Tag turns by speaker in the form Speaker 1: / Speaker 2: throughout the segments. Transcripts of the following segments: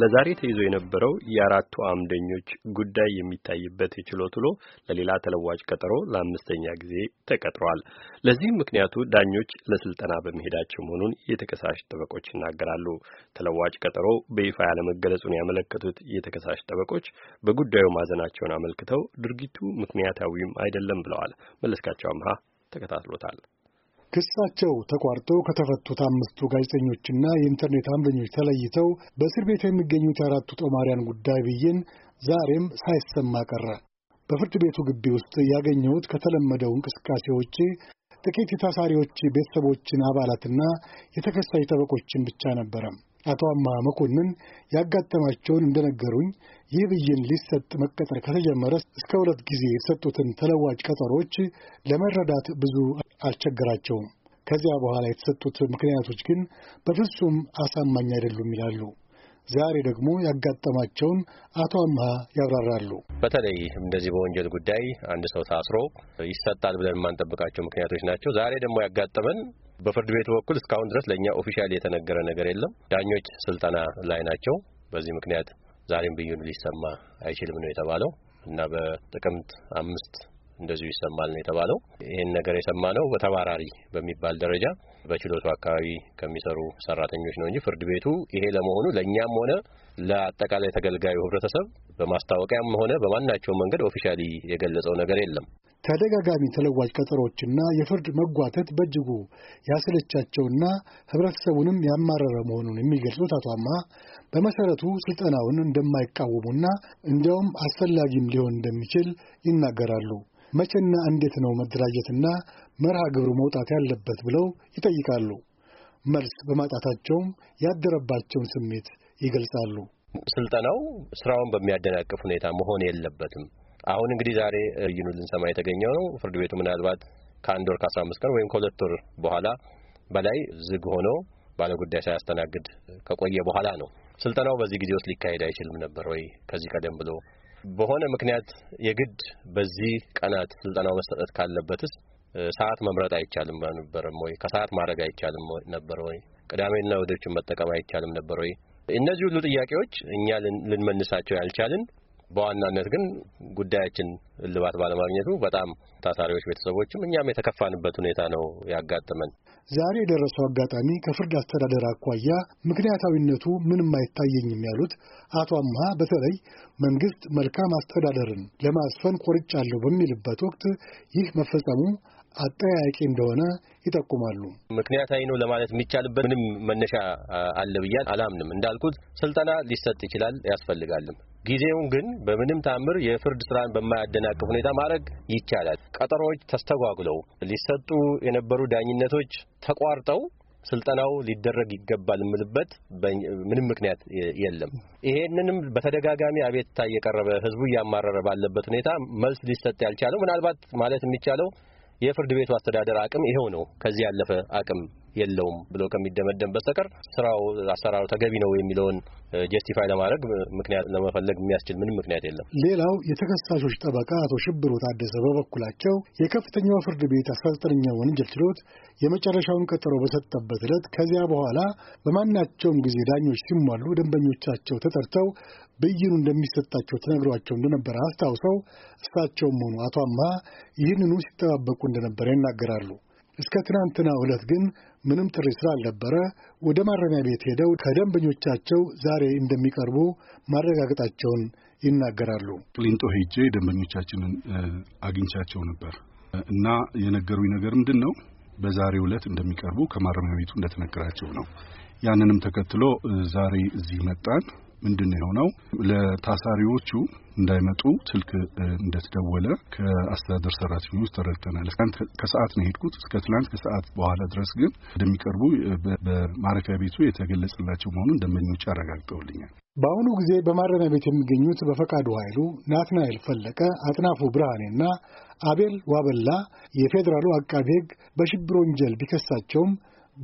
Speaker 1: ለዛሬ ተይዞ የነበረው የአራቱ አምደኞች ጉዳይ የሚታይበት የችሎት ውሎ ለሌላ ተለዋጭ ቀጠሮ ለአምስተኛ ጊዜ ተቀጥሯል። ለዚህም ምክንያቱ ዳኞች ለስልጠና በመሄዳቸው መሆኑን የተከሳሽ ጠበቆች ይናገራሉ። ተለዋጭ ቀጠሮ በይፋ ያለመገለጹን ያመለከቱት የተከሳሽ ጠበቆች በጉዳዩ ማዘናቸውን አመልክተው ድርጊቱ ምክንያታዊም አይደለም ብለዋል። መለስካቸው አምሃ ተከታትሎታል።
Speaker 2: ክሳቸው ተቋርጦ ከተፈቱት አምስቱ ጋዜጠኞችና የኢንተርኔት አምደኞች ተለይተው በእስር ቤት የሚገኙት የአራቱ ጦማሪያን ጉዳይ ብይን ዛሬም ሳይሰማ ቀረ። በፍርድ ቤቱ ግቢ ውስጥ ያገኘሁት ከተለመደው እንቅስቃሴ ውጪ ጥቂት የታሳሪዎች ቤተሰቦችን አባላትና የተከሳሽ ጠበቆችን ብቻ ነበረ። አቶ አማ መኮንን ያጋጠማቸውን እንደነገሩኝ ይህ ብይን ሊሰጥ መቀጠር ከተጀመረ እስከ ሁለት ጊዜ የተሰጡትን ተለዋጭ ቀጠሮች ለመረዳት ብዙ አልቸገራቸውም። ከዚያ በኋላ የተሰጡት ምክንያቶች ግን በፍጹም አሳማኝ አይደሉም ይላሉ። ዛሬ ደግሞ ያጋጠማቸውን አቶ አምሃ ያብራራሉ።
Speaker 1: በተለይ እንደዚህ በወንጀል ጉዳይ አንድ ሰው ታስሮ ይሰጣል ብለን የማንጠብቃቸው ምክንያቶች ናቸው። ዛሬ ደግሞ ያጋጠመን በፍርድ ቤቱ በኩል እስካሁን ድረስ ለእኛ ኦፊሻል የተነገረ ነገር የለም። ዳኞች ስልጠና ላይ ናቸው። በዚህ ምክንያት ዛሬም ብይኑ ሊሰማ አይችልም ነው የተባለው እና በጥቅምት አምስት እንደዚሁ ይሰማል ነው የተባለው። ይህን ነገር የሰማነው በተባራሪ በሚባል ደረጃ በችሎቱ አካባቢ ከሚሰሩ ሰራተኞች ነው እንጂ ፍርድ ቤቱ ይሄ ለመሆኑ ለእኛም ሆነ ለአጠቃላይ ተገልጋዩ ህብረተሰብ በማስታወቂያም ሆነ በማናቸው መንገድ ኦፊሻሊ የገለጸው ነገር የለም።
Speaker 2: ተደጋጋሚ ተለዋጭ ቀጠሮችና የፍርድ መጓተት በእጅጉ ያሰለቻቸውና ህብረተሰቡንም ያማረረ መሆኑን የሚገልጹት አቶ አማ በመሰረቱ ስልጠናውን እንደማይቃወሙና እንዲያውም አስፈላጊም ሊሆን እንደሚችል ይናገራሉ። መቼና እንዴት ነው መደራጀትና መርሃ ግብሩ መውጣት ያለበት ብለው ይጠይቃሉ። መልስ በማጣታቸውም ያደረባቸውን ስሜት ይገልጻሉ።
Speaker 1: ስልጠናው ስራውን በሚያደናቅፍ ሁኔታ መሆን የለበትም። አሁን እንግዲህ ዛሬ እዩኑ ልንሰማ የተገኘው ነው። ፍርድ ቤቱ ምናልባት ከአንድ ወር ከአስራ አምስት ቀን ወይም ከሁለት ወር በኋላ በላይ ዝግ ሆኖ ባለጉዳይ ሳያስተናግድ ከቆየ በኋላ ነው። ስልጠናው በዚህ ጊዜ ውስጥ ሊካሄድ አይችልም ነበር ወይ? ከዚህ ቀደም ብሎ በሆነ ምክንያት የግድ በዚህ ቀናት ስልጠናው መሰጠት ካለበትስ ሰዓት መምረጥ አይቻልም ነበርም ወይ? ከሰዓት ማድረግ አይቻልም ነበር ወይ? ቅዳሜና እሁዶችን መጠቀም አይቻልም ነበር ወይ? እነዚህ ሁሉ ጥያቄዎች እኛ ልንመልሳቸው ያልቻልን በዋናነት ግን ጉዳያችን እልባት ባለማግኘቱ በጣም ታሳሪዎች ቤተሰቦችም እኛም የተከፋንበት ሁኔታ ነው ያጋጥመን።
Speaker 2: ዛሬ የደረሰው አጋጣሚ ከፍርድ አስተዳደር አኳያ ምክንያታዊነቱ ምንም አይታየኝም ያሉት አቶ አምሃ በተለይ መንግስት መልካም አስተዳደርን ለማስፈን ቆርጫለሁ በሚልበት ወቅት ይህ መፈጸሙ አጠያያቂ እንደሆነ ይጠቁማሉ።
Speaker 1: ምክንያታዊ ነው ለማለት የሚቻልበት ምንም መነሻ አለ ብዬ አላምንም። እንዳልኩት ስልጠና ሊሰጥ ይችላል ያስፈልጋልም። ጊዜውን ግን በምንም ታምር የፍርድ ስራን በማያደናቅፍ ሁኔታ ማድረግ ይቻላል። ቀጠሮዎች ተስተጓጉለው ሊሰጡ የነበሩ ዳኝነቶች ተቋርጠው ስልጠናው ሊደረግ ይገባል የምልበት ምንም ምክንያት የለም። ይሄንንም በተደጋጋሚ አቤትታ እየቀረበ ህዝቡ እያማረረ ባለበት ሁኔታ መልስ ሊሰጥ ያልቻለው ምናልባት ማለት የሚቻለው የፍርድ ቤቱ አስተዳደር አቅም ይሄው ነው። ከዚህ ያለፈ አቅም የለውም ብሎ ከሚደመደም በስተቀር ስራው አሰራሩ ተገቢ ነው የሚለውን ጀስቲፋይ ለማድረግ ምክንያት ለመፈለግ የሚያስችል ምንም ምክንያት የለም።
Speaker 2: ሌላው የተከሳሾች ጠበቃ አቶ ሽብሩ ታደሰ በበኩላቸው የከፍተኛው ፍርድ ቤት አስራ ዘጠነኛ ወንጀል ችሎት የመጨረሻውን ቀጠሮ በሰጠበት ዕለት ከዚያ በኋላ በማናቸውም ጊዜ ዳኞች ሲሟሉ ደንበኞቻቸው ተጠርተው ብይኑ እንደሚሰጣቸው ተነግሯቸው እንደነበረ አስታውሰው እሳቸውም ሆኑ አቶ አማ ይህንኑ ሲጠባበቁ እንደነበረ ይናገራሉ። እስከ ትናንትና ዕለት ግን ምንም ጥሪ ስላልነበረ ወደ ማረሚያ ቤት ሄደው ከደንበኞቻቸው ዛሬ እንደሚቀርቡ ማረጋገጣቸውን ይናገራሉ። ቂሊንጦ ሄጄ ደንበኞቻችንን አግኝቻቸው ነበር እና የነገሩኝ ነገር ምንድን ነው? በዛሬ ዕለት እንደሚቀርቡ ከማረሚያ ቤቱ እንደተነገራቸው ነው። ያንንም ተከትሎ ዛሬ እዚህ መጣን። ምንድን ነው የሆነው? ለታሳሪዎቹ እንዳይመጡ ስልክ እንደተደወለ ከአስተዳደር ሰራተኞች ተረድተናል። ከሰዓት ነው የሄድኩት። እስከ ትናንት ከሰዓት በኋላ ድረስ ግን እንደሚቀርቡ በማረፊያ ቤቱ የተገለጸላቸው መሆኑን ደንበኞች አረጋግጠውልኛል። በአሁኑ ጊዜ በማረሚያ ቤት የሚገኙት በፈቃዱ ኃይሉ፣ ናትናኤል ፈለቀ፣ አጥናፉ ብርሃኔና አቤል ዋበላ የፌዴራሉ አቃቤ ሕግ በሽብር ወንጀል ቢከሳቸውም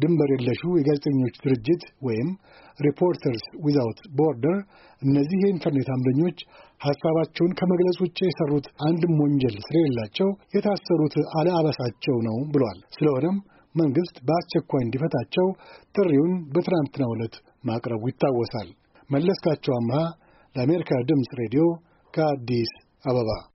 Speaker 2: ድንበር የለሹ የጋዜጠኞች ድርጅት ወይም ሪፖርተርስ ዊዛውት ቦርደር እነዚህ የኢንተርኔት አምደኞች ሐሳባቸውን ከመግለጽ ውጭ የሠሩት አንድም ወንጀል ስለሌላቸው የታሰሩት አለአበሳቸው ነው ብሏል። ስለሆነም መንግሥት በአስቸኳይ እንዲፈታቸው ጥሪውን በትናንትናው ዕለት ማቅረቡ ይታወሳል። መለስካቸው አምሃ ለአሜሪካ ድምፅ ሬዲዮ ከአዲስ አበባ